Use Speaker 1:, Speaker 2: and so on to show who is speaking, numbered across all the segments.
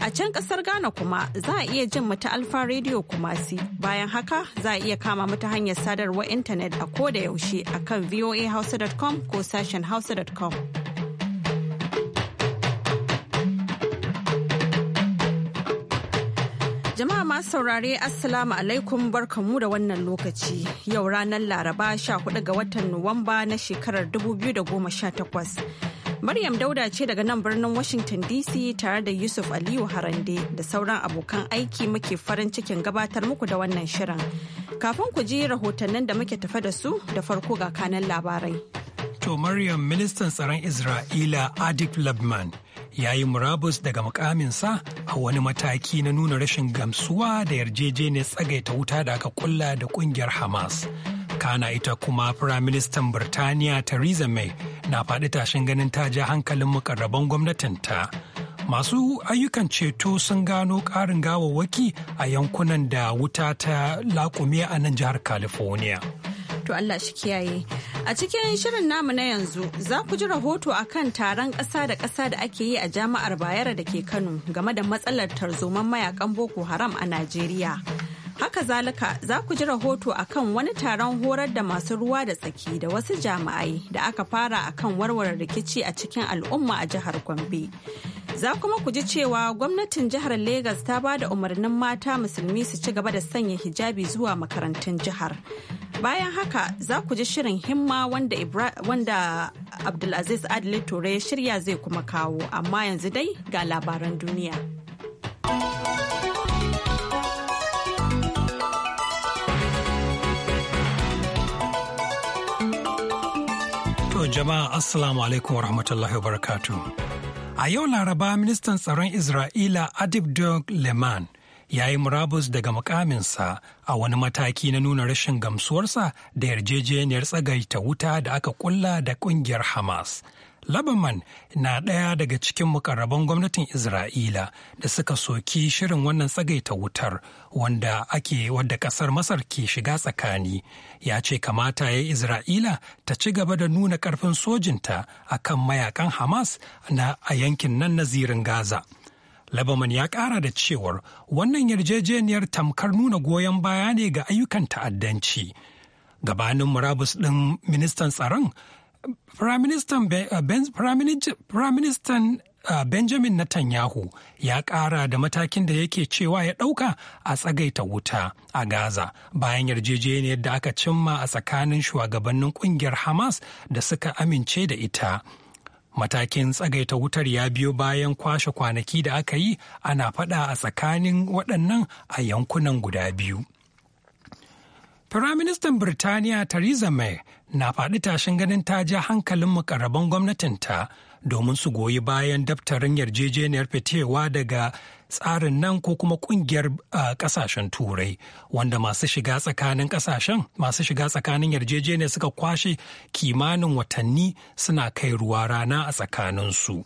Speaker 1: A can kasar Ghana kuma za a iya jin mata Alfa Radio Kumasi. Bayan haka za a iya kama mata hanyar sadarwar intanet a ko da yaushe a kan voahouse.com ko sashen hausa.com. Jama'a masu saurare Assalamu alaikum barkanmu da wannan lokaci. Yau ranar Laraba 14 ga watan Nuwamba na shekarar 2018. Maryam Dauda ce daga nan birnin Washington DC tare da Yusuf Aliyu Harande da sauran abokan aiki muke farin cikin gabatar muku da wannan shirin. Kafin ku ji rahotannin da muke tafe da su da farko ga kanan labarai.
Speaker 2: To Maryam ministan tsaron Isra'ila Adif Labman ya yi murabus daga mukaminsa a wani mataki na nuna rashin gamsuwa da yarjejeniyar tsagaita wuta da aka kulla da kungiyar Hamas. kana ita kuma firaministan birtaniya theresa may na faɗi tashin ganin ta ja hankalin mukarraban gwamnatinta masu ayyukan ceto sun gano ƙarin gawawwaki a yankunan da wuta ta laƙume a nan jihar california
Speaker 1: to Allah shi kiyaye. A cikin shirin namu na yanzu za ku ji rahoto a kan taron ƙasa da ƙasa da ake yi a jami'ar Bayero da ke Kano game da matsalar tarzoman mayakan Boko Haram a Najeriya. Haka zalika za ku ji rahoto akan wani taron horar da masu ruwa da tsaki da wasu jami'ai da aka fara akan warware rikici a cikin al'umma a jihar Gombe. Za kuma ku ji cewa gwamnatin jihar Legas ta ba da umarnin mata musulmi su ci gaba da sanya hijabi zuwa makarantun jihar. Bayan haka za ku ji shirin himma wanda, Ibra, wanda Abdulaziz Adli ya shirya zai kuma kawo amma yanzu dai ga labaran duniya.
Speaker 2: Jama'a Assalamu alaikum wa rahmatullahi wa barakatu. A yau Laraba ministan tsaron Isra'ila Adib Dog Leman ya yi murabus daga mukaminsa a wani mataki na nuna rashin gamsuwarsa da yarjejeniyar tsagaita wuta da aka kulla da kungiyar Hamas. Labaman na ɗaya daga cikin mukarraban gwamnatin Isra'ila da suka soki shirin wannan tsagaita wutar wanda ake wadda ƙasar Masar ke shiga tsakani. Ya ce kamata ya Isra'ila ta ci gaba da nuna ƙarfin sojinta a kan mayakan Hamas na a yankin nan na zirin Gaza. Labaman ya ƙara da cewar wannan yarjejeniyar tamkar nuna goyon baya ne ga ayyukan ta'addanci. Gabanin murabus ɗin ministan tsaron Firaministan uh, uh, Benjamin Netanyahu ya ƙara da matakin da yake cewa ya ɗauka a tsagaita wuta a Gaza bayan yarjejeniyar da aka cimma a tsakanin shugabannin ƙungiyar Hamas da suka amince da ita. Matakin tsagaita wutar ya biyo bayan kwashe kwanaki da aka yi ana faɗa a tsakanin waɗannan a yankunan guda biyu. Firaministan Birtaniya Theresa May na faɗi tashin ganin ta ja hankalin mukarraban gwamnatinta domin su goyi bayan daftarin yarjejeniyar fitewa daga tsarin nan ko kuma kungiyar kasashen turai wanda masu shiga tsakanin kasashen masu shiga tsakanin yarjejeniyar suka kwashe kimanin watanni suna kai ruwa rana a tsakaninsu. su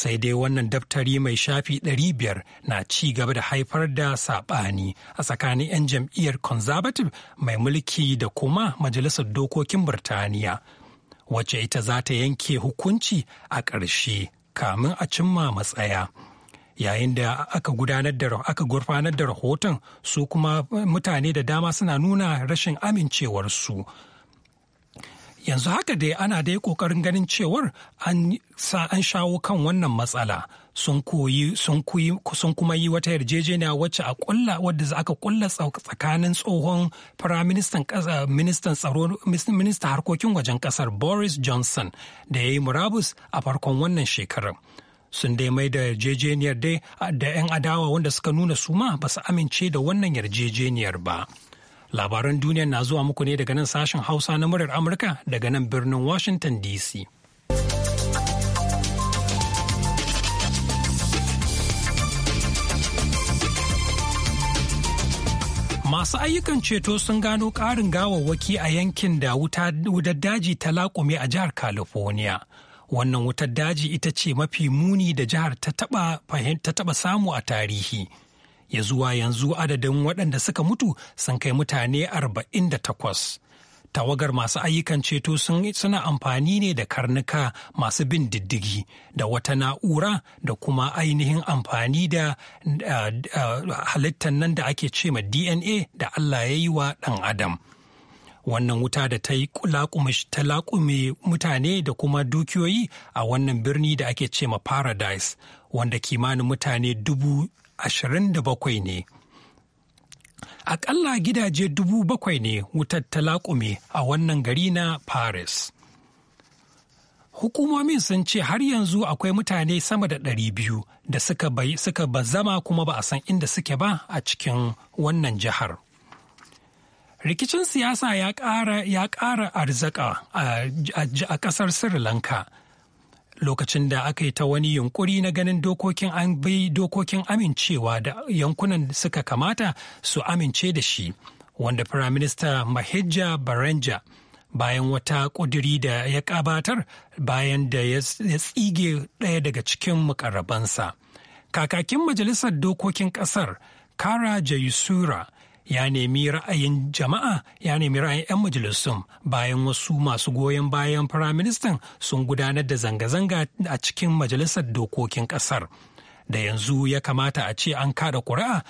Speaker 2: sai dai wannan daftari mai shafi 500 na ci gaba da haifar da saɓani a tsakanin 'yan jam'iyyar conservative mai mulki da kuma majalisar dokokin birtaniya wacce ita za ta yanke hukunci a ƙarshe kamin a cimma matsaya yayin da aka gudanar da aka gurfanar da rahoton su kuma eh, mutane da dama suna nuna rashin amincewarsu. su yanzu haka dai ana dai kokarin ganin cewar an shawo kan wannan matsala sun kuma yi wata yarjejeniya wacce a kulla wadda za aka kulla tsakanin tsohon firaministan ministan tsaro minista harkokin wajen kasar Boris Johnson da ya yi murabus a farkon wannan shekarar sun dai mai da yarjejeniyar dai da 'yan adawa wanda suka nuna suma ba su amince da wannan yarjejeniyar ba. Labaran duniya na zuwa muku ne daga nan sashen Hausa na murar Amurka daga nan birnin Washington DC. Masu ayyukan ceto sun gano ƙarin gawawwaki a yankin da wutar daji ta laƙume a jihar California. Wannan wutar daji ita ce mafi muni da jihar ta taɓa samu a tarihi. ya zuwa yanzu adadin waɗanda suka mutu sun kai mutane 48 tawagar masu ayyukan ceto suna amfani ne da karnuka masu bin diddigi da wata na'ura da kuma ainihin amfani da halittar nan da ake ce ma dna da allah ya yi wa ɗan adam wannan wuta da ta yi ta laƙume mutane da kuma dukiyoyi a wannan birni da ake ce ma paradise wanda kimanin mutane dubu Ashirin da bakwai ne. Aƙalla gidaje dubu bakwai ne wutar ta a wannan gari na Paris. Hukumomin sun ce har yanzu akwai mutane sama da ɗari biyu da suka zama kuma ba a san inda suke ba a cikin wannan jihar. Rikicin siyasa ya ƙara arzaka a ƙasar Sri Lanka lokacin da aka yi ta wani yunkuri na ganin dokokin an bai dokokin amincewa da yankunan suka kamata su amince da shi wanda firaminista mahejja baranja bayan wata ƙudiri da ya ƙabatar bayan da ya tsige ɗaya daga cikin mukarrabansa kakakin majalisar dokokin ƙasar kara jayusura ya nemi ra'ayin jama'a ya nemi ra'ayin 'yan majalisun bayan wasu masu goyon bayan firaministan sun gudanar da zanga-zanga a cikin majalisar dokokin kasar da yanzu ya kamata a ce an kada kuri'a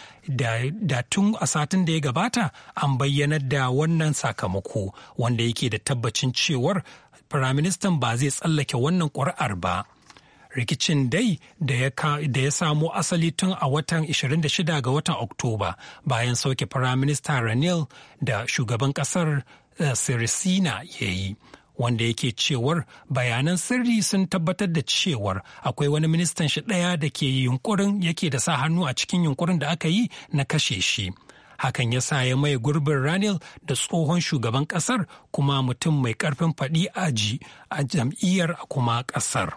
Speaker 2: da tun a satin da ya gabata an bayyanar da wannan sakamako wanda yake da tabbacin cewar firaministan ba zai tsallake wannan ƙuri'ar ba rikicin dai da ya samo asali tun a watan 26 ga watan oktoba bayan sauke firaminista ranil da shugaban kasar sirisina eh, ya yi wanda yake cewar bayanan sirri sun tabbatar da cewar akwai wani ministan shi ɗaya da ke yunkurin yake da sa hannu a cikin yunkurin da aka yi na kashe shi hakan ya sa ya mai gurbin ranil da tsohon shugaban kasar kuma mutum mai karfin faɗi aji a jam'iyyar kuma kasar.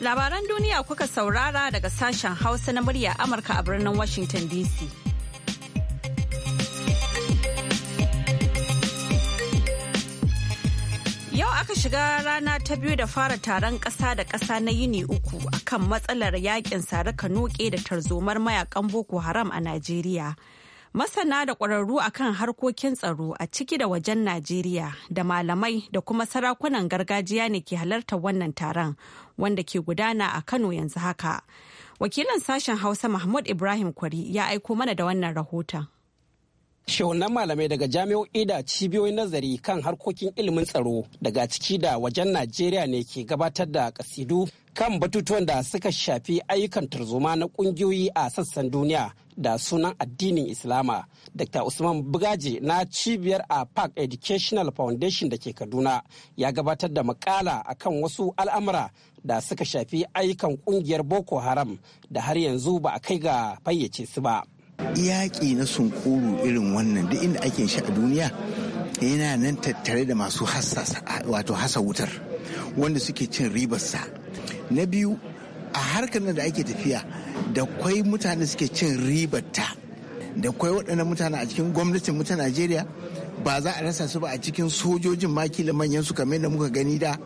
Speaker 1: Labaran duniya kuka saurara daga sashen Hausa na murya Amurka a birnin Washington DC. Yau aka shiga rana ta biyu da fara taron ƙasa da ƙasa na yini uku akan matsalar yakin sare noke da tarzomar mayakan Boko Haram a Najeriya. Masana da ƙwararru a kan harkokin tsaro a ciki da wajen Najeriya da malamai da kuma sarakunan gargajiya ne ke halartar wannan taron wanda ke gudana a Kano yanzu haka. Wakilin sashen Hausa Mahmud Ibrahim Kwari ya aiko mana da wannan rahoton.
Speaker 3: Shehunan malamai daga jami'o'i da cibiyoyin nazari kan harkokin ilimin tsaro daga ciki da wajen Najeriya ne ke gabatar da kasidu kan batutuwan da suka shafi ayyukan tarzoma na kungiyoyi a sassan duniya da sunan addinin Islama. Dr. Usman Bugaji na cibiyar a Park Educational Foundation da ke Kaduna ya gabatar da makala akan wasu al'amura da suka shafi ayyukan kungiyar Boko Haram da har yanzu ba a kai ga fayyace su ba. Yaƙi
Speaker 4: na sunkuru irin wannan duk inda ake shi a duniya yana nan tattare da masu wato hasa wutar wanda suke cin ribarsa. Na biyu a harkar da ake tafiya da kwai mutane suke cin ribarta da kwai waɗannan mutane a cikin gwamnatin mu ta najeriya ba za a rasa su ba a cikin sojojin maki da manyan su kamar da muka gani da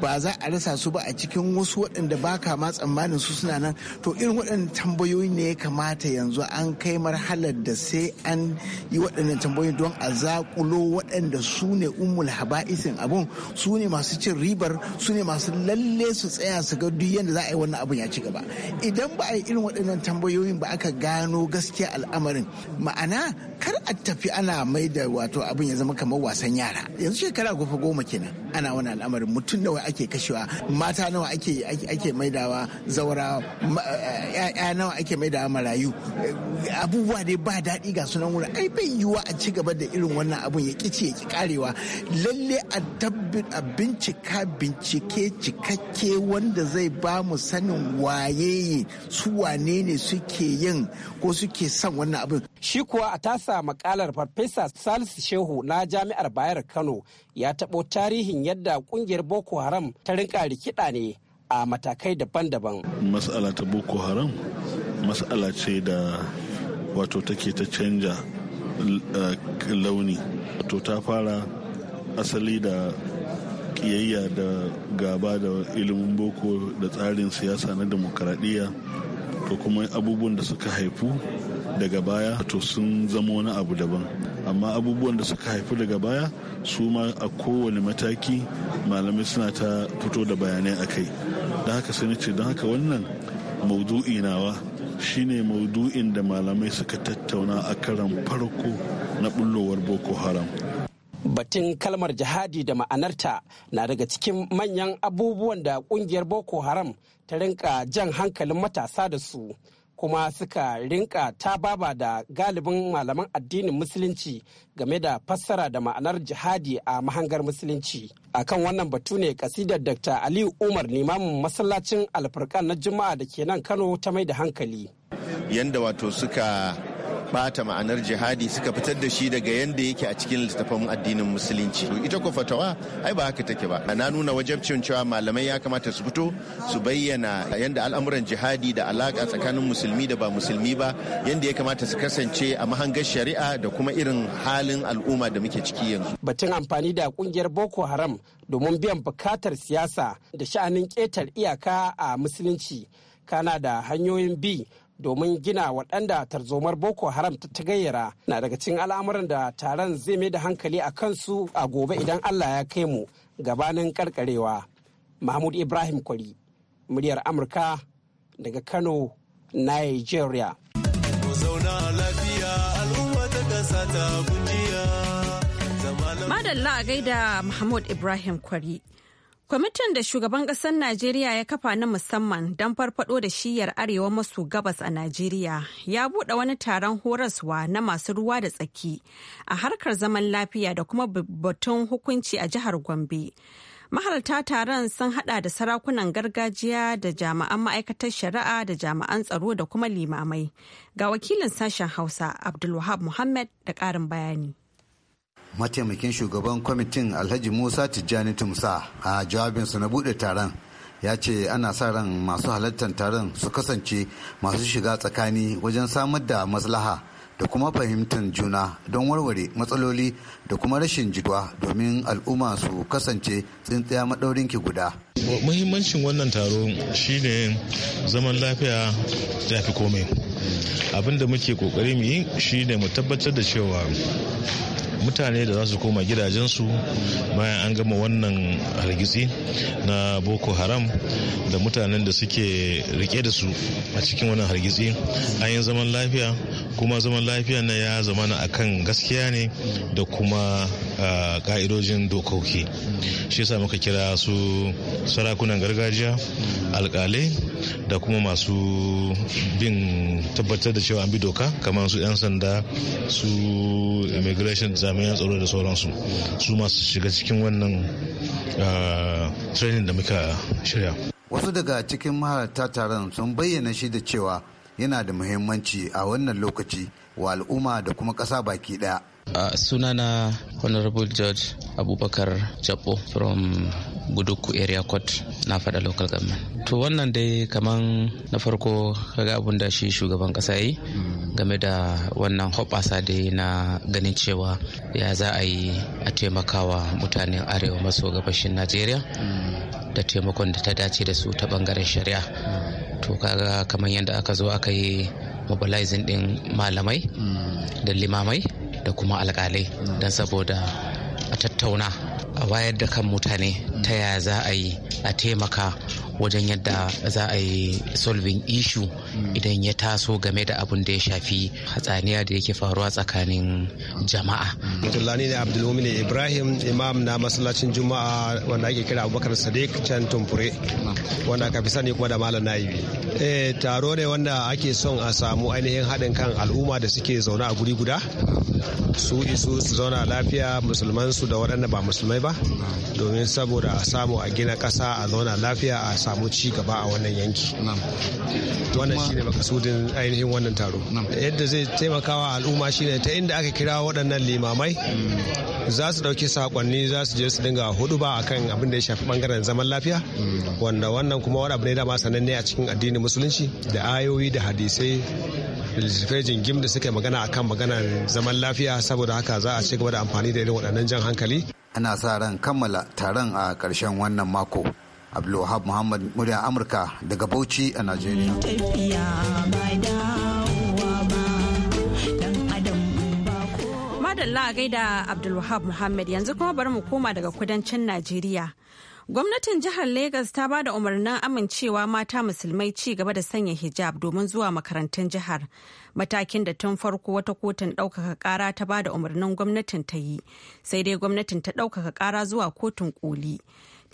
Speaker 4: ba za a rasa su ba a cikin wasu waɗanda ba ka ma tsammanin su suna nan to irin waɗannan tambayoyi ne ya kamata yanzu an kai marhalar da sai an yi waɗannan tambayoyi don a zakulo waɗanda su ne umul haba'isin abun su ne masu cin ribar su ne masu lalle su tsaya su ga duk yadda za a yi wannan abun ya ci gaba idan ba a yi irin waɗannan tambayoyin ba aka gano gaskiya al'amarin ma'ana kar a tafi ana mai da wato to abin ya zama kamar wasan yara yanzu shekara gufa goma kenan ana wani al'amarin mutum nawa ake kashewa mata nawa ake ake maidawa zaura eh, eh, ya nawa ake maidawa marayu eh, abubuwa dai ba daɗi ga sunan wurin ai bai yiwuwa a ci gaba da irin wannan abun ya ƙici ya ƙi karewa lalle a a bincika bincike cikakke wanda zai ba mu sanin waye su wane ne suke yin ko suke son wannan abin
Speaker 3: shi kuwa a tasa makalar farfesa salisu Shehu na Jami'ar Bayar Kano ya tabo tarihin yadda kungiyar Boko Haram ta rinka rikida ne a matakai daban-daban.
Speaker 5: Matsala ta Boko Haram matsala ce da wato take ta canja eh, launi. Wato ta fara asali da kiyayya da gaba da ilimin boko da tsarin siyasa na demokradiyya to kuma abubuwan da suka haifu daga baya to sun zama wani abu daban amma abubuwan da suka haifi daga baya su ma a kowane mataki malamai suna ta fito da bayanai a kai don haka sai ce don haka wannan maudu'i nawa shine maudu'in da malamai suka tattauna a karan farko na bullowar boko haram batun kalmar jihadi
Speaker 3: da ma'anarta na daga cikin manyan abubuwan da kungiyar boko haram ta rinka jan hankalin matasa da su kuma suka rinka ta baba da galibin malaman addinin musulunci game da fassara da ma'anar jihadi a mahangar musulunci A kan wannan batu ne kasidar dr aliyu umar limamin masallacin Alfurkan na juma'a da ke nan kano ta mai da hankali
Speaker 4: yanda wato suka bata ma'anar jihadi suka fitar da shi daga yanda yake a cikin littattafan addinin musulunci ita ko fatawa ai ba haka take ba na nuna wajabcin cewa malamai ya kamata su fito su bayyana yanda al'amuran jihadi da alaka tsakanin musulmi da ba musulmi ba yanda ya kamata su kasance a mahangar shari'a da kuma irin halin al'umma da muke ciki yanzu
Speaker 3: batun amfani da kungiyar boko haram domin biyan bukatar siyasa da sha'anin ketar iyaka a musulunci kana da hanyoyin bi domin gina waɗanda tarzomar boko haram ta gayyara na daga cikin al'amuran da taron zai mai da hankali a kansu a gobe idan allah ya kai mu gabanin karkarewa mahmud ibrahim kwari muryar amurka daga kano nigeria
Speaker 1: madalla a gaida mahmud ibrahim kwari Kwamitin da shugaban ƙasar Najeriya ya kafa na musamman don farfado da shiyar arewa masu gabas a Najeriya ya buɗe wani taron horaswa na masu ruwa da tsaki a harkar zaman lafiya da kuma batun hukunci a jihar Gombe. Mahalarta taron sun hada da sarakunan gargajiya da jami'an ma'aikatar shari'a da jami'an tsaro da kuma limamai. Ga wakilin sashen Hausa Abdulwahab Muhammad da ƙarin bayani.
Speaker 4: mataimakin shugaban kwamitin alhaji musa tijjani tumsa a jawabinsa na bude taron ya ce ana sa ran masu halartar taron su kasance masu shiga tsakani wajen samar da maslaha da kuma fahimtar juna don warware matsaloli da kuma rashin jituwa domin al'umma su kasance tsintsiya maɗaurin ki guda.
Speaker 5: muhimmancin wannan taro shine zaman lafiya ya fi komai abin muke kokari mu yi shine mu tabbatar da cewa mutane da za su koma gidajensu bayan an gama wannan hargitsi na boko haram da mutanen da suke rike da su a cikin wannan hargitsi an yi zaman lafiya kuma zaman lafiya na ya zama na akan gaskiya ne da kuma ka'idojin dokoki shi yasa muka kira su sarakunan gargajiya alkalai da kuma masu bin tabbatar da cewa an bi doka kamar su 'yan sanda su immigration jami'an tsaro da sauransu su masu shiga cikin wannan
Speaker 4: ah, training da muka shirya wasu daga cikin mahalarta taron sun bayyana shi da cewa yana da muhimmanci a wannan lokaci wa al'umma da kuma ƙasa baki ɗaya.
Speaker 6: Uh, sunana honorable george abubakar jabo from guduku area court na fada local government
Speaker 4: to wannan dai
Speaker 6: kaman na farko kaga abun da shi shugaban kasa yi game da wannan hoɓasa dai na ganin cewa ya za a yi a taimakawa mutanen arewa maso gabashin najeriya da taimakon da ta dace da su ta bangaren shari'a to kaga kamar yadda aka zo aka yi mobilizing din malamai da limamai da kuma alkalai don saboda a tattauna a wayar da kan mutane ta yaya za a yi a taimaka wajen yadda za a yi solving issue hmm. idan ya taso game da abun da ya shafi hatsaniya da yake faruwa tsakanin jama'a.
Speaker 4: Mutulani hmm. ne Abdulmumin Ibrahim imam na masallacin
Speaker 2: Juma'a wanda ake kira Abubakar Sadiq can Tumfure wanda aka fi sani kuma da Malam Naibi. Eh taro ne wanda ake son a samu ainihin haɗin kan al'umma da suke zaune a guri guda su isu su zauna lafiya musulman su da waɗanda ba musulmai ba domin saboda a samu a gina ƙasa a zauna lafiya a samu ci gaba a wannan yanki wannan shine makasudin ainihin wannan taro yadda zai taimakawa al'umma shine ta inda aka kira waɗannan limamai mm. za su ɗauki sakonni za su je su dinga hudu ba akan abin da ya shafi bangaren zaman lafiya mm. wanda wannan kuma wani abu ne da ma sananne a cikin addinin musulunci da ayoyi da hadisai littattafai jingim da suka magana akan
Speaker 4: maganar zaman lafiya saboda haka za a ci gaba da amfani da irin waɗannan jan hankali ana sa ran kammala taron a ƙarshen wannan mako abdulwahab muhammad murya amurka daga bauchi a najeriya
Speaker 1: madalla a gaida abdulwahab muhammad yanzu kuma bari mu koma daga kudancin najeriya Gwamnatin jihar Legas ta ba da umarnin amincewa mata musulmai ci gaba da sanya hijab domin zuwa makarantun jihar. Matakin da tun farko wata kotun ɗaukaka ƙara ta ba da umarnin gwamnatin ta yi, sai dai gwamnatin ta ɗaukaka ƙara zuwa kotun ƙoli.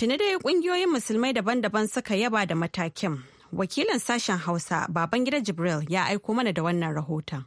Speaker 1: Tuni dai kungiyoyin musulmai daban-daban suka yaba da matakin. Wakilin sashen Hausa, baban gida Jibril, ya aiko mana da wannan rahoton.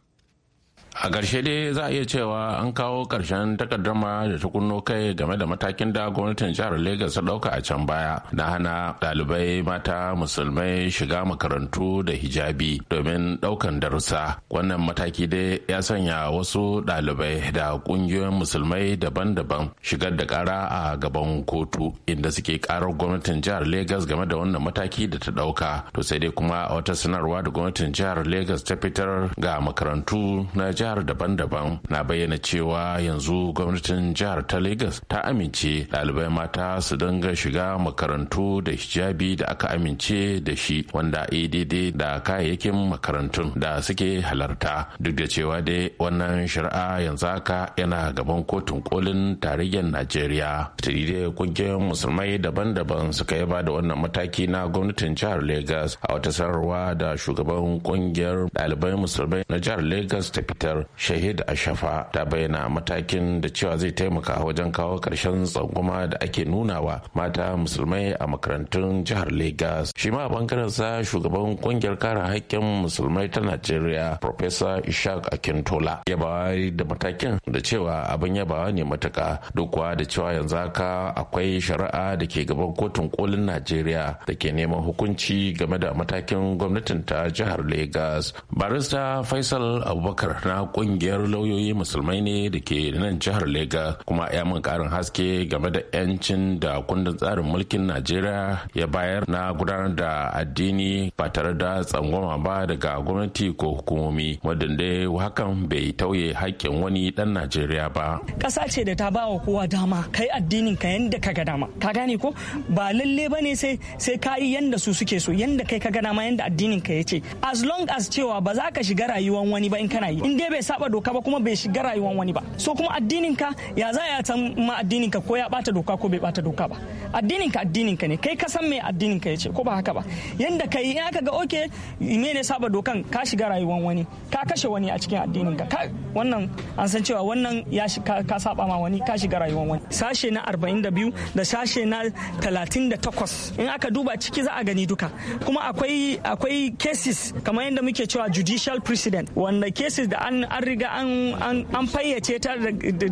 Speaker 5: a ƙarshe dai za a iya cewa an kawo ƙarshen takardama da ta kunno kai game da matakin da gwamnatin jihar Legas ta ɗauka a can baya na hana ɗalibai mata musulmai shiga makarantu da hijabi domin ɗaukan darussa wannan mataki dai ya sanya wasu ɗalibai da ƙungiyoyin musulmai daban-daban shigar da ƙara a gaban kotu inda suke ƙarar gwamnatin jihar Legas game da wannan mataki da ta ɗauka to sai dai kuma a wata sanarwa da gwamnatin jihar Legas ta fitar ga makarantu na jihar daban-daban na bayyana cewa yanzu gwamnatin jihar ta Legas ta amince ɗalibai mata su dinga shiga makarantu da hijabi da aka amince da shi wanda add da kayayyakin makarantun da suke halarta duk da cewa dai wannan shari'a yanzu haka yana gaban kotun kolin tarayyar Najeriya. Tiri kungiyar musulmai daban-daban suka yaba da wannan mataki na gwamnatin jihar Legas a wata sanarwa da shugaban kungiyar ɗalibai musulmai na jihar Legas ta fitar kungiyar shahid ashafa ta bayyana matakin da cewa zai taimaka wajen kawo karshen tsangwama da ake nunawa mata musulmai a makarantun jihar lagos shi ma a bangaren sa shugaban kungiyar kare haƙƙin musulmai ta najeriya professor ishaq akintola yabawa da matakin da cewa abin yabawa ne matuka duk da cewa yanzu haka akwai shari'a da ke gaban kotun kolin najeriya da ke neman hukunci game da matakin gwamnatin ta jihar lagos barista faisal abubakar na kungiyar lauyoyi musulmai ne da ke nan jihar lega kuma ya mun karin haske game da 'yancin da kundin tsarin mulkin najeriya ya bayar na gudanar da addini ba tare da tsangwama ba daga gwamnati ko hukumomi wadanda hakan bai tauye haƙƙin wani ɗan najeriya ba
Speaker 7: ƙasa ce da ta bawa kowa dama kai addinin ka yanda ka ga dama ka gane ko ba lalle ba ne sai sai ka yi yanda su suke so yanda kai ka ga dama yanda addinin ka ya ce as long as cewa ba za ka shiga rayuwar wani ba in kana yi in bai saba doka ba kuma bai shiga rayuwar wani ba so kuma addinin ka ya za ya san ma addinin ka ko ya bata doka ko bai bata doka ba addinin ka addinin ka ne kai ka san me addinin ka yace ko ba haka ba yanda kai in aka ga oke me ne saba dokan ka shiga rayuwar wani ka kashe wani a cikin addinin ka wannan an san cewa wannan ya ka saba ma wani ka shiga rayuwar wani sashe na 42 da sashe na 38 in aka duba ciki za a gani duka kuma akwai akwai cases kamar yanda muke cewa judicial precedent wanda cases da an riga an fayyace ta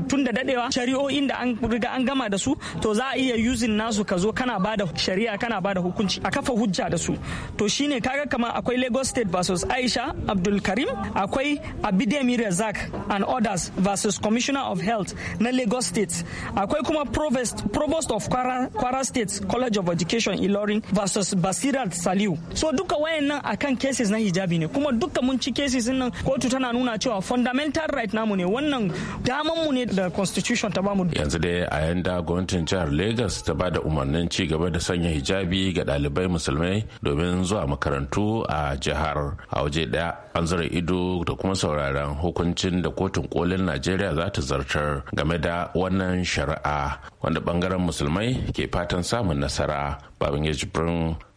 Speaker 7: tun da dadewa shari'o'in da an riga an gama da su to za a iya using nasu ka zo kana bada shari'a kana bada hukunci a kafa hujja da su to shine kaga kamar akwai Lagos State versus Aisha Abdul Karim akwai Abidemi Razak and others versus Commissioner of Health na Lagos State akwai kuma Provost, Provost of Kwara, Kwara State College of Education Ilorin versus Basirat Saliu so duka wayannan akan cases na hijabi ne kuma duka mun ci cases nan kotu tana nuna cewa cewa fundamental right namu ne wannan daman mu ne da constitution ta bamu
Speaker 5: yanzu dai a yanda gwamnatin jihar Lagos ta ba da umarnin ci gaba da sanya hijabi ga dalibai musulmai domin zuwa makarantu a jihar a waje daya an zura ido da kuma sauraron hukuncin da kotun kolin Najeriya za ta zartar game da wannan shari'a wanda bangaren musulmai ke fatan samun nasara babin ya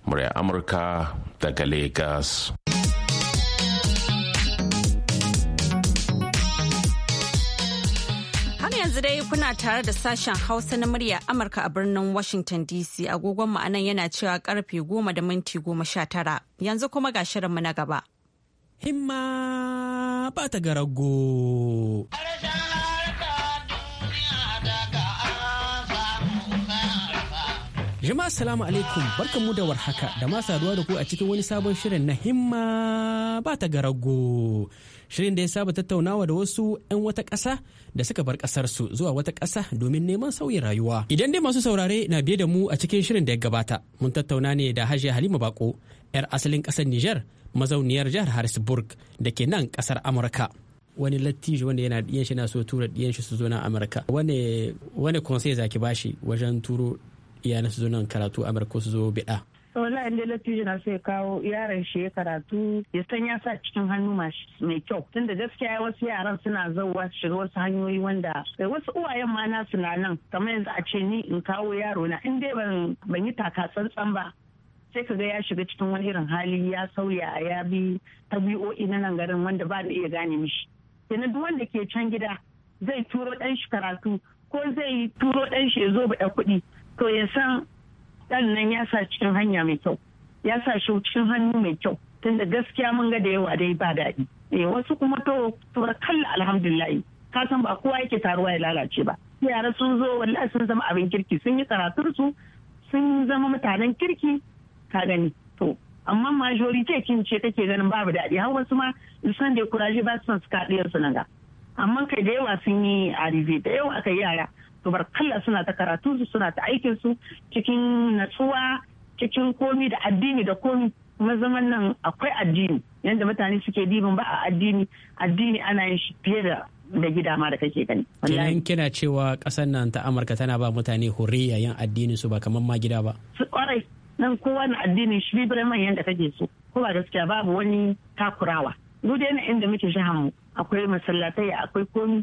Speaker 5: murya Amurka daga Lagos.
Speaker 1: dai kuna tare da sashen Hausa na murya Amurka a birnin Washington DC agogon mu anan yana cewa karfe goma da minti goma sha tara yanzu kuma ga shirinmu na gaba.
Speaker 8: Himma ba ta garago. Jama'a salamu alaikum barkanmu da warhaka da ma saduwa da ku a cikin wani sabon shirin na himma ba ta garago. Shirin da ya saba tattaunawa da wasu 'yan wata ƙasa da suka bar ƙasarsu zuwa wata ƙasa domin neman sauyin rayuwa. Idan dai masu saurare na biye da mu a cikin shirin da ya gabata, mun tattauna ne da Hajiya Halima Bako, 'yar asalin ƙasar Nijar, mazauniyar jihar Harrisburg da ke nan ƙasar Amurka. wani lattijo wanda yana diyan na so tura diyan shi su zo na amurka wani wani konsai zaki bashi wajen turo iyalin su zo nan karatu amurka su zo biɗa
Speaker 9: wallahi inda lattijo na sai kawo yaran shi ya karatu ya san ya sa cikin hannu mai kyau tunda gaskiya wasu yaran suna zauwa su shiga wasu hanyoyi wanda kai eh, wasu uwayen ma na suna nan kamar yanzu a ce ni in kawo yaro na in dai ban yi taka tsantsan ba sai ka ga ya shiga cikin wani irin hali ya sauya ya bi tabi'o'i na nan garin wanda ba da iya gane mishi kenan duk wanda ke can gida zai turo dan shi karatu ko zai turo dan shi ya zo bada kuɗi to ya san ɗan nan ya sa cikin hanya mai kyau ya sa shi cikin hannu mai kyau tunda gaskiya mun ga da yawa dai ba daɗi eh wasu kuma to kalla alhamdulillah ka san ba kowa yake taruwa ya lalace ba yara sun zo wallahi sun zama abin kirki sun yi karatun su sun zama mutanen kirki ka gani to amma majority kin ce kake ganin babu daɗi har wasu ma san da kuraje ba su san su kaɗe su nan ga amma kai da yawa sun yi arive da yawa kai yara kalla suna ta karatu su suna ta aikin su cikin natsuwa cikin komi da addini da komi kuma zaman nan akwai addini yadda mutane suke dibin ba a addini addini ana yin shi fiye da da gida ma da kake gani. Kenan
Speaker 8: kina cewa kasar nan ta Amurka tana ba mutane hurriya yin addinin su ba kamar ma gida ba.
Speaker 9: Kwarai nan kowa na addinin shi bibiran manyan da kake so ko ba gaskiya babu wani takurawa. Duk da inda muke shahamu akwai masallatai akwai komi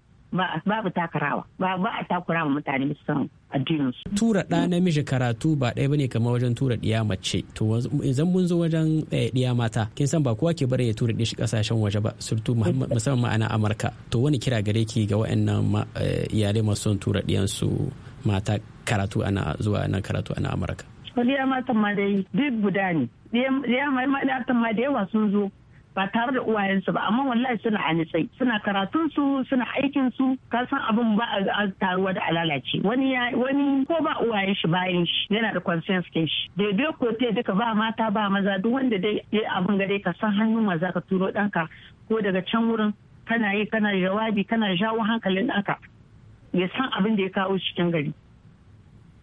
Speaker 9: babu takarawa ba a takura ma mutane musamman addininsu. tura ɗa
Speaker 8: namiji karatu ba ɗaya bane kamar wajen tura ɗiya mace to idan mun zo wajen eh, ɗiya mata kin san ba kowa ke bari ya tura shi ƙasashen waje ba surtu musamman ma'ana amurka to wani kira gare ki ga waɗannan eh, iyalai masu son tura ɗiyansu mata karatu ana zuwa nan karatu ana amurka.
Speaker 9: ɗiya matan ma dai duk guda ne ɗiya matan ma da yawa sun zo ba tare da uwayensu ba amma wallahi suna anitsai suna karatun su suna aikin su ka san abin ba a taruwa da alalace wani ya wani ko ba uwayen shi bayan shi yana da conscience din shi daidai ko te duka ba mata ba maza duk wanda dai abin ga dai ka san hannun maza ka turo danka ko daga can wurin kana yi kana jawabi kana jawo hankalin danka ya san abin da ya kawo cikin gari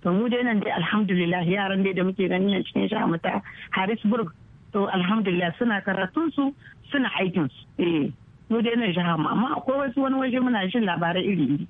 Speaker 9: to mu dai nan dai alhamdulillah yaran dai da muke ganin cikin jami'a Harisburg. to alhamdulillah suna karatunsu suna aikinsu eh mu dai nan jiha mu amma akwai wasu wani waje muna jin labarai iri iri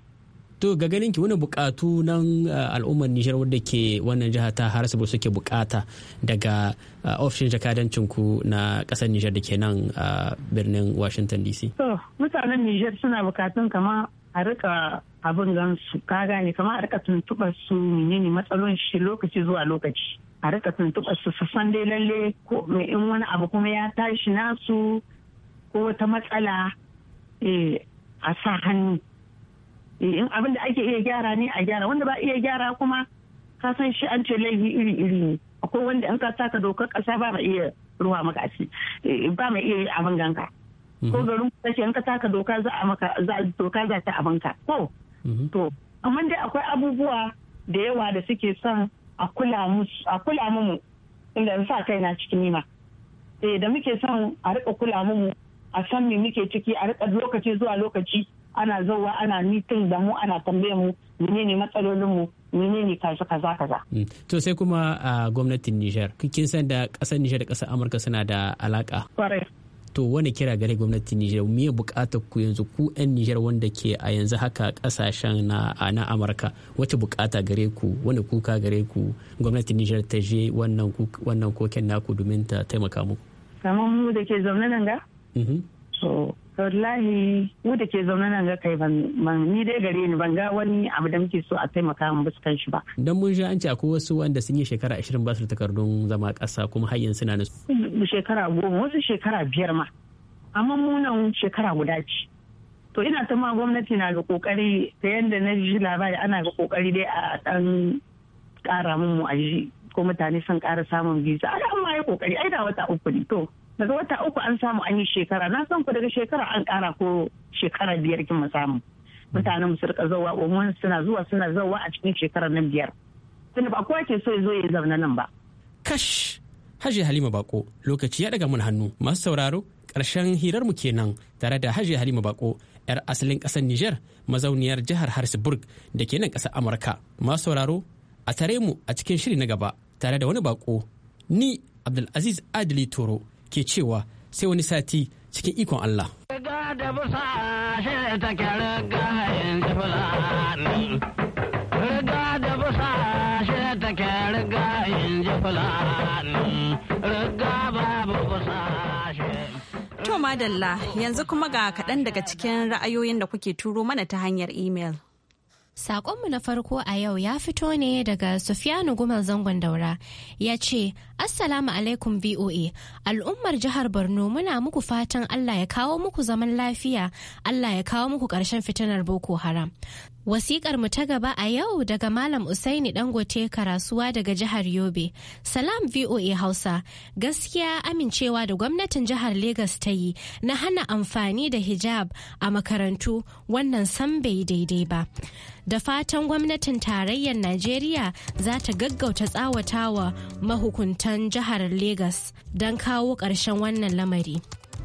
Speaker 8: to ga ganin ki wani bukatu nan uh, al'ummar Nijar wadda ke wannan jiha ta Harasabu suke bukata daga uh, ofishin jakadancin ku na kasar Nijar da ke nan uh, birnin Washington DC
Speaker 9: to mutanen Nijar suna bukatun kama a rika abin gan su ka gane kamar a rika tuntuɓar su menene matsalolin shi lokaci zuwa lokaci a rika tuntuɓar su su san dai lalle ko in wani abu kuma ya tashi nasu ko wata matsala eh, a sa hannu eh, in abin da ake iya gyara ne a gyara wanda ba iya gyara kuma ka san shi an ce laifi iri iri ne akwai wanda in ka saka dokar kasa ba mai iya ruwa maka ci eh, ba mai iya abin ganka ko mhm. garin ce in ka saka doka za a maka doka za ta abinka ko Mm-hmm. to amma dai akwai abubuwa da yawa da suke son a kula mu inda sa na cikin nima eh da muke son a rika kula mu a san me muke ciki a rika lokaci zuwa lokaci ana zauwa ana nitin da mu ana tambaye mu menene matsalolin mu menene kaza kaza kaza mm.
Speaker 8: to sai kuma a ah, gwamnatin Niger kin san da kasar Niger da kasar Amurka suna da alaka to wani kira gare gwamnatin Nijar miye bukatar ku yanzu ku 'yan Nijar wanda ke a yanzu haka kasashen na na Amurka wace bukata gare ku wani kuka gare ku gwamnatin Nijar ta je wannan wannan koken naku domin ta taimaka muku.
Speaker 9: Kamar mu da ke zaune nan ga? Mm-hmm. So wallahi mu da ke zaune nan ga kai ban ni dai gare ni ban ga wani abu da muke so a taimaka mu kan shi ba
Speaker 8: dan mun ji an ce akwai wasu wanda sun yi shekara 20 ba su takardun zama ƙasa kuma har yanzu na
Speaker 9: shekara goma wasu shekara biyar ma amma mu nan shekara guda ce to ina ta ma gwamnati na ga kokari ta yadda na ji labari ana ga kokari dai a ɗan kara mun mu aji ko mutane sun kara samun visa ai amma ya kokari ai da wata uku ne to daga wata uku an samu an yi shekara na san ku daga shekara an kara ko shekara biyar kin samu mutanen su rika zawa umman suna zuwa suna zawa a cikin shekarar nan biyar tunda ba kowa ke so ya zo ya zauna nan ba kash
Speaker 8: Hajji Halima Bako lokaci ya daga mun hannu masu sauraro ƙarshen mu kenan tare da Hajji Halima Bako 'yar asalin ƙasar Nijar mazauniyar jihar Harrisburg da ke nan ƙasar Amurka. Masu sauraro a tare mu a cikin shiri na gaba tare da wani bako ni Abdulaziz Adili Toro ke cewa sai wani sati cikin ikon Allah.
Speaker 3: Riga da
Speaker 1: To madalla yanzu kuma ga kaɗan daga cikin ra'ayoyin da kuke
Speaker 10: turo mana ta hanyar imel. Sakonmu na farko a yau ya fito ne daga Sufiyanu Gumal Zangon Daura ya ce, Assalamu alaikum VOA, al'ummar jihar Borno muna muku fatan Allah ya kawo muku zaman lafiya, Allah ya kawo muku ƙarshen fitinar Boko Haram. Wasikar mu ta gaba a yau daga Malam Usaini Dangote Karasuwa daga jihar Yobe. Salam VOA Hausa. Gaskiya amincewa da gwamnatin jihar Legas ta yi na hana amfani da hijab a makarantu wannan san bai daidai ba. Da fatan gwamnatin tarayyar Najeriya za ta gaggauta tsawatawa mahukuntan jihar Legas don kawo ƙarshen wannan lamari.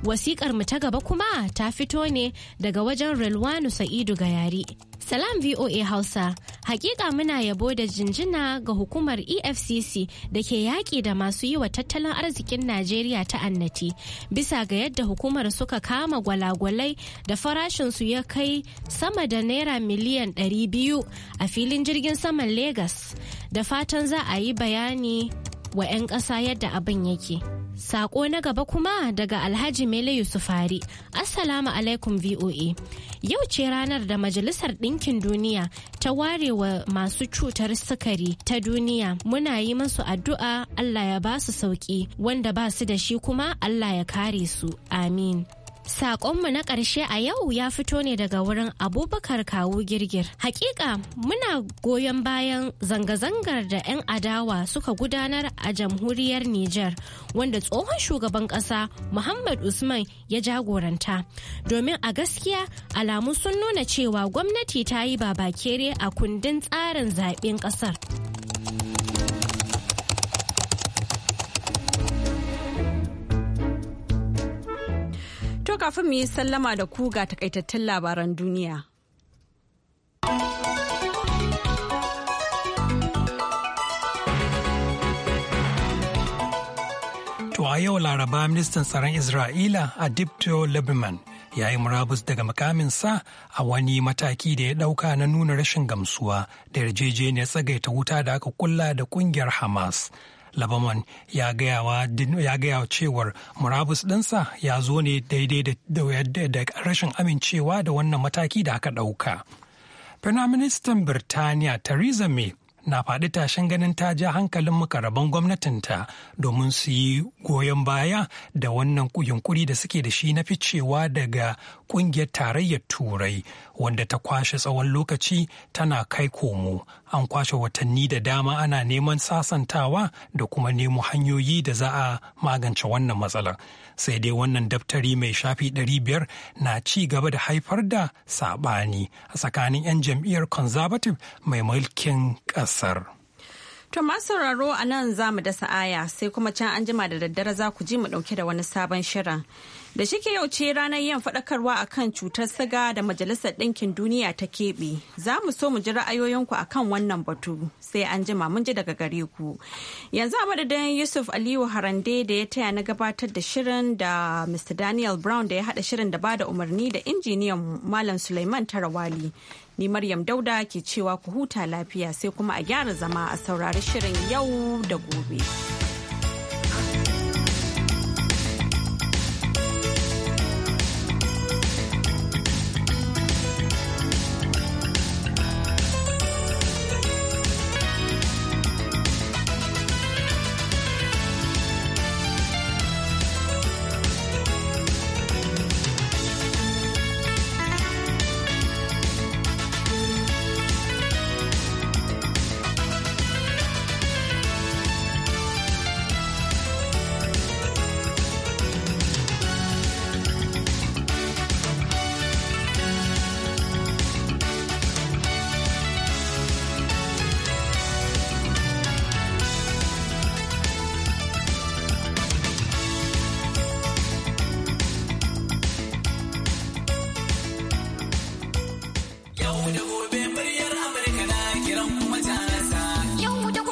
Speaker 10: Wasikar mu ta gaba kuma ta fito ne daga wajen Relwanu Sa'idu Gayari. Salam VOA Hausa, hakika muna yabo da jinjina ga hukumar EFCC da ke yaƙi da masu yi wa tattalin arzikin Najeriya ta annati, bisa ga yadda hukumar suka kama gwalagwalai da farashinsu ya kai sama da naira miliyan 200 a filin jirgin saman Legas. Da fatan za a yi bayani wa 'yan ƙasa yadda abin yake. Sako na gaba kuma daga Alhaji Mele Yusufari. Assalamu alaikum VOA. Yau ce ranar da Majalisar Ɗinkin Duniya ta ware wa masu cutar sukari ta duniya. Muna yi masu addu'a Allah ya ba su sauki, wanda ba su da shi kuma Allah ya kare su. Amin. Sakonmu na ƙarshe a yau ya fito ne daga wurin abubakar kawu girgir. Hakika muna goyon bayan zanga-zangar da 'yan adawa suka gudanar a jamhuriyar Nijar wanda tsohon shugaban ƙasa Muhammad Usman ya jagoranta. Domin a gaskiya alamu sun nuna cewa gwamnati ta yi babakere a kundin tsarin zaɓen ƙasar.
Speaker 1: To kafin mu yi sallama da ku ga takaitattun labaran duniya.
Speaker 2: To a yau laraba ministan tsaron Isra'ila a Dipto Lieberman ya yi murabus daga makaminsa a wani mataki da ya ɗauka na nuna rashin gamsuwa da yarjejeniyar tsagaita wuta da aka kulla da ƙungiyar Hamas. Labaman ya gaya wa cewar murabus ɗinsa ya zo ne daidai da rashin amincewa da wannan mataki da aka ɗauka. Firaministan Birtaniya Theresa May na faɗi tashin ganin ta ja hankalin makaraban gwamnatinta domin su yi goyon baya da wannan yunkuri da suke da shi na ficewa daga Ƙungiyar tarayyar turai wanda ta kwashe tsawon lokaci tana kai komo an kwashe watanni da dama ana neman sasantawa da kuma nemo hanyoyi da za a magance wannan matsalar sai dai wannan daftari mai shafi 500 na ci gaba da haifar da saɓani a tsakanin 'yan jam'iyyar conservative mai mulkin ƙasar.
Speaker 1: To masu sauraro a nan za mu dasa aya sai kuma can an jima da daddare za ku ji mu dauke da wani sabon shirin. Da shike yau ce ranar yin faɗakarwa kan cutar siga da Majalisar Ɗinkin Duniya ta keɓe. Za mu so mu ji ra'ayoyinku a kan wannan batu sai an jima mun ji daga gare ku. Yanzu a madadin Yusuf Aliyu Harande da ya taya na gabatar da shirin da Mr. Daniel Brown da ya haɗa shirin da bada umarni da injiniyan Malam Suleiman Tarawali. Ni Maryam Dauda ke cewa ku huta lafiya sai kuma a gyara zama a saurari shirin yau da gobe.